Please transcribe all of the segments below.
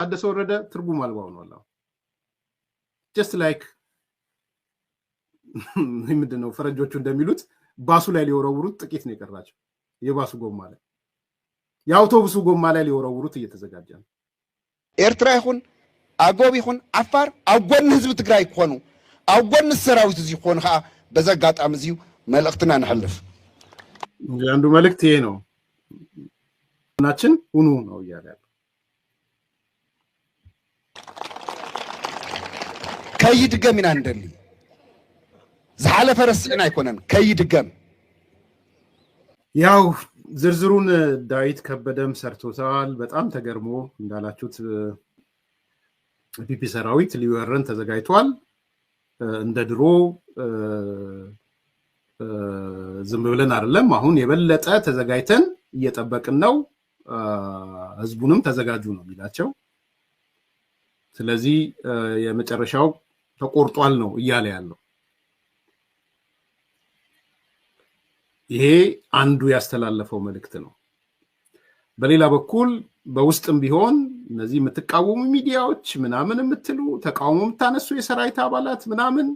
ታደሰ ወረደ ትርጉም አልባ ሆኗል። ጀስት ላይክ ምንድን ነው ፈረንጆቹ እንደሚሉት ባሱ ላይ ሊወረውሩት ጥቂት ነው የቀራቸው። የባሱ ጎማ ላይ የአውቶቡሱ ጎማ ላይ ሊወረውሩት እየተዘጋጀ ነው። ኤርትራ ይሁን አጎብ ይሁን አፋር ኣብ ጎኒ ህዝቢ ትግራይ ክኾኑ ኣብ ጎኒ ሰራዊት እዚ ክኾኑ ከዓ በዛ ኣጋጣሚ እዚዩ መልእክትና ንሕልፍ። አንዱ መልእክት ይሄ ነው ናችን ሁኑ ነው እያለ ያለ ከይድገም ኢና ንደሊ ዝሓለፈ ረሲዕና ኣይኮነን ከይድገም ያው ዝርዝሩን ዳዊት ከበደም ሰርቶታል። በጣም ተገርሞ እንዳላችሁት ፒፒ ሰራዊት ሊወረን ተዘጋጅቷል። እንደ ድሮ ዝም ብለን አይደለም። አሁን የበለጠ ተዘጋጅተን እየጠበቅን ነው። ህዝቡንም ተዘጋጁ ነው የሚላቸው። ስለዚህ የመጨረሻው ተቆርጧል ነው እያለ ያለው። ይሄ አንዱ ያስተላለፈው መልእክት ነው። በሌላ በኩል በውስጥም ቢሆን እነዚህ የምትቃወሙ ሚዲያዎች ምናምን የምትሉ ተቃውሞ የምታነሱ የሰራዊት አባላት ምናምን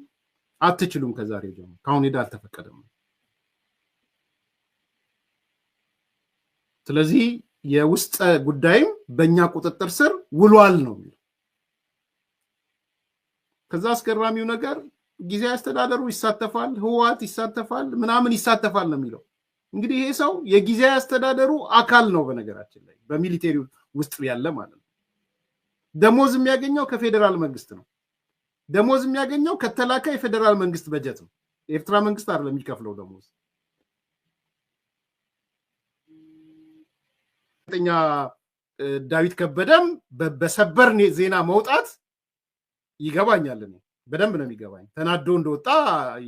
አትችሉም። ከዛሬ ጀምሮ ከአሁን ሄዳ አልተፈቀደም። ስለዚህ የውስጥ ጉዳይም በእኛ ቁጥጥር ስር ውሏል ነው የሚለው ከዛ አስገራሚው ነገር ጊዜ አስተዳደሩ ይሳተፋል፣ ህወሓት ይሳተፋል፣ ምናምን ይሳተፋል ነው የሚለው። እንግዲህ ይሄ ሰው የጊዜ አስተዳደሩ አካል ነው፣ በነገራችን ላይ በሚሊቴሪ ውስጥ ያለ ማለት ነው። ደሞዝ የሚያገኘው ከፌዴራል መንግስት ነው። ደሞዝ የሚያገኘው ከተላከ የፌዴራል መንግስት በጀት ነው። የኤርትራ መንግስት አይደለም የሚከፍለው ደሞዝ። ጋዜጠኛ ዳዊት ከበደም በሰበር ዜና መውጣት ይገባኛል። እኔ በደንብ ነው የሚገባኝ። ተናዶ እንደወጣ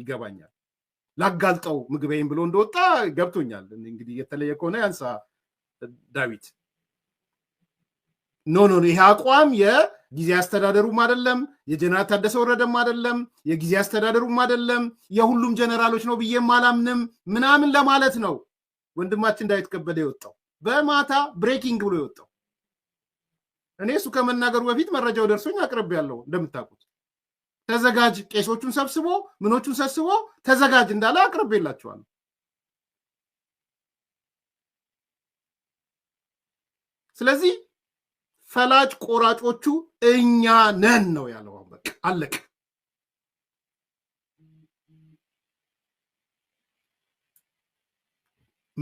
ይገባኛል። ላጋልጠው ምግቤን ብሎ እንደወጣ ገብቶኛል። እንግዲህ የተለየ ከሆነ ያንሳ ዳዊት። ኖ ኖ ይሄ አቋም የጊዜ አስተዳደሩም አይደለም፣ የጀነራል ታደሰ ወረደም አይደለም፣ የጊዜ አስተዳደሩም አይደለም፣ የሁሉም ጀነራሎች ነው ብዬም አላምንም ምናምን ለማለት ነው ወንድማችን ዳዊት ከበደ የወጣው በማታ ብሬኪንግ ብሎ የወጣው እኔ እሱ ከመናገሩ በፊት መረጃው ደርሶኝ አቅርብ ያለው እንደምታውቁት ተዘጋጅ ቄሶቹን ሰብስቦ ምኖቹን ሰብስቦ ተዘጋጅ እንዳለ አቅርብ የላቸዋል። ስለዚህ ፈላጭ ቆራጮቹ እኛ ነን ነው ያለው። በቃ አለቅ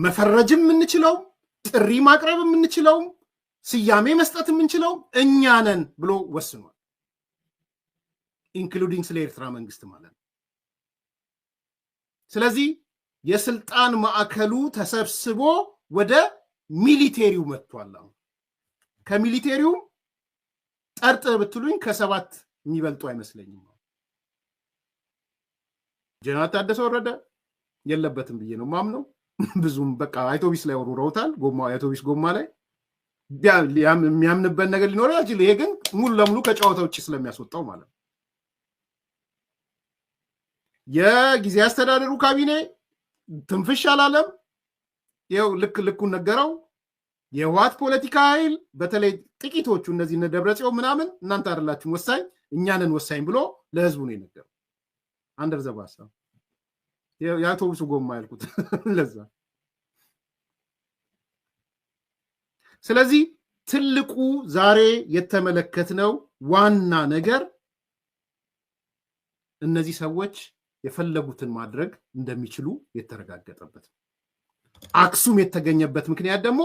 መፈረጅም የምንችለውም ጥሪ ማቅረብ የምንችለውም ስያሜ መስጠት የምንችለው እኛ ነን ብሎ ወስኗል። ኢንክሉዲንግ ስለ ኤርትራ መንግስት ማለት ነው። ስለዚህ የስልጣን ማዕከሉ ተሰብስቦ ወደ ሚሊቴሪው መጥቷል። አሁን ከሚሊቴሪው ጠርጥ ብትሉኝ ከሰባት የሚበልጡ አይመስለኝም። ጀነራል ታደሰ ወረደ የለበትም ብዬ ነው ማምነው። ብዙም በቃ አውቶቢስ ላይ ወርውረውታል፣ ጎማ አውቶቢስ ጎማ ላይ የሚያምንበት ነገር ሊኖረው ያችል። ይሄ ግን ሙሉ ለሙሉ ከጨዋታ ውጭ ስለሚያስወጣው ማለት ነው። የጊዜ አስተዳደሩ ካቢኔ ትንፍሽ አላለም። ይኸው ልክ ልኩን ነገረው። የህወሓት ፖለቲካ ኃይል በተለይ ጥቂቶቹ እነዚህ እነ ደብረጽዮን ምናምን እናንተ አይደላችሁም ወሳኝ እኛንን ወሳኝ ብሎ ለህዝቡ ነው የነገረው። አንደር ዘባሳ የአውቶቡሱ ጎማ ያልኩት ለዛ ስለዚህ ትልቁ ዛሬ የተመለከትነው ዋና ነገር እነዚህ ሰዎች የፈለጉትን ማድረግ እንደሚችሉ የተረጋገጠበት አክሱም የተገኘበት ምክንያት ደግሞ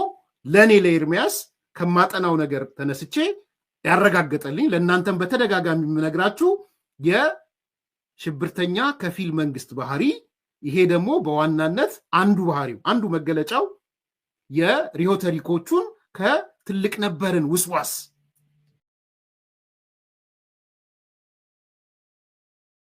ለእኔ ለኤርሚያስ ከማጠናው ነገር ተነስቼ ያረጋገጠልኝ ለእናንተም በተደጋጋሚ የምነግራችሁ የሽብርተኛ ከፊል መንግስት ባህሪ ይሄ ደግሞ በዋናነት አንዱ ባህሪው አንዱ መገለጫው የሪሆተሪኮቹን ከትልቅ ነበርን ውስዋስ